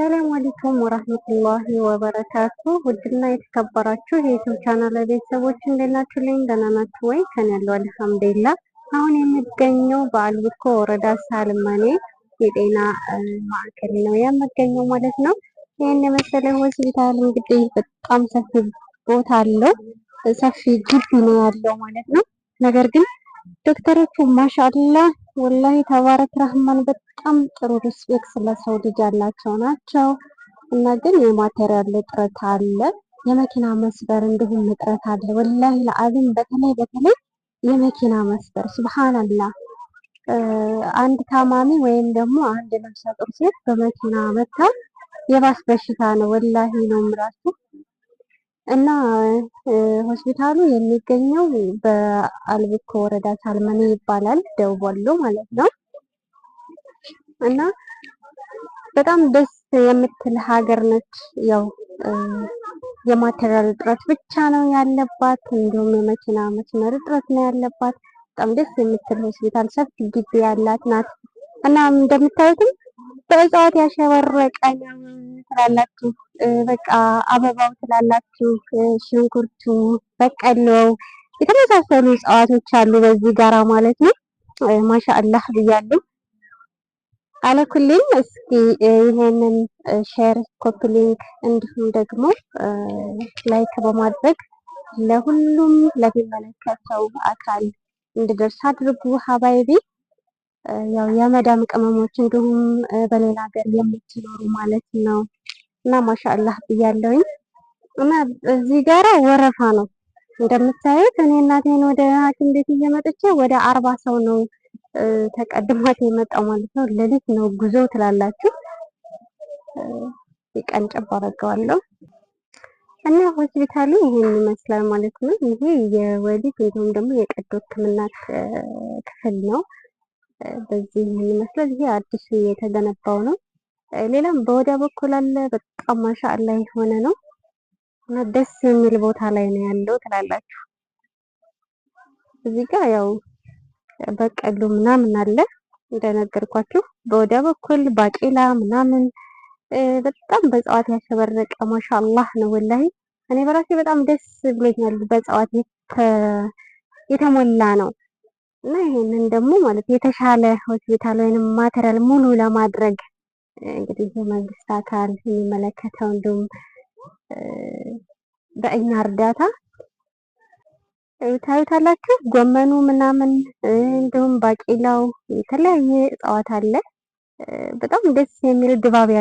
ሰላም አለይኩም ወራህመቱላሂ ወበረካቱ። ውድና የተከበራችሁ የዩቲዩብ ቻናል ቤተሰቦች እንዴት ናችሁ? ልኝ ደህና ናችሁ ወይ? ከኔ ያለው አልሐምዱሊላ። አሁን የምገኘው በአልብኮ ወረዳ ሳልመኔ የጤና ማዕከል ነው የምገኘው ማለት ነው። ይህን የመሰለ ሆስፒታል እንግዲህ በጣም ሰፊ ቦታ አለው፣ ሰፊ ግቢ ነው ያለው ማለት ነው። ነገር ግን ዶክተሮቹ ማሻአላህ ወላሂ ተባረክ ረህማን በጣም ጥሩ ሪስፔክት ለሰው ልጅ ያላቸው ናቸው። እና ግን የማቴሪያል እጥረት አለ፣ የመኪና መስበር እንዲሁም እጥረት አለ። ወላሂ ለአብን በተለይ በተለይ የመኪና መስበር ሱብሃንአላህ። አንድ ታማሚ ወይም ደግሞ አንድ ነፍሰ ጡር ሴት በመኪና መታ የባስ በሽታ ነው ወላሂ ነው የምላችሁ እና ሆስፒታሉ የሚገኘው በአልብኮ ወረዳ ሳልመኔ ይባላል፣ ደቡብ ወሎ ማለት ነው። እና በጣም ደስ የምትል ሀገር ነች። ያው የማቴሪያል እጥረት ብቻ ነው ያለባት፣ እንዲሁም የመኪና መስመር እጥረት ነው ያለባት። በጣም ደስ የምትል ሆስፒታል ሰፊ ግቢ ያላት ናት እና እንደምታዩትም በእጽዋት ያሸበረቀ ትላላችሁ በቃ አበባው ትላላችሁ፣ ሽንኩርቱ፣ በቀለው የተመሳሰሉ እጽዋቶች አሉ በዚህ ጋራ ማለት ነው። ማሻአላህ ብያለሁ። አለኩልኝ እስኪ ይሄንን ሼር ኮፒ ሊንክ እንዲሁም ደግሞ ላይክ በማድረግ ለሁሉም ለሚመለከተው አካል እንድደርስ አድርጉ። ሀባይቢ ያው የመዳም ቅመሞች እንዲሁም በሌላ ሀገር የምትኖሩ ማለት ነው እና ማሻአላህ ብያለሁኝ። እና እዚህ ጋራ ወረፋ ነው እንደምታዩት። እኔ እናቴን ወደ ሐኪም ቤት እየመጠቼ ወደ አርባ ሰው ነው ተቀድማት የመጣው ማለት ነው። ሌሊት ነው ጉዞ ትላላችሁ። ቀንጨብ አደርገዋለሁ እና ሆስፒታሉ ይህን ይመስላል ማለት ነው። ይሄ የወሊድ እንዲሁም ደግሞ የቀዶ ሕክምና ክፍል ነው። በዚህ ይህን ይመስላል። ይሄ አዲሱ የተገነባው ነው። ሌላም በወዲያ በኩል አለ። በጣም ማሻአላ የሆነ ነው እና ደስ የሚል ቦታ ላይ ነው ያለው ትላላችሁ። እዚህ ጋር ያው በቀሉ ምናምን አለ እንደነገርኳችሁ። በወዲያ በኩል ባቄላ ምናምን በጣም በእጽዋት ያሸበረቀ ማሻአላህ ነው ወላሂ። እኔ በራሴ በጣም ደስ ብሎኛል። በእጽዋት የተሞላ ነው እና ይሄንን ደግሞ ማለት የተሻለ ሆስፒታል ወይንም ማቴሪያል ሙሉ ለማድረግ እንግዲህ የመንግስት አካል የሚመለከተው እንዲሁም በእኛ እርዳታ ታዩታላችሁ። ጎመኑ ምናምን እንዲሁም ባቄላው የተለያየ እጽዋት አለ። በጣም ደስ የሚል ድባብ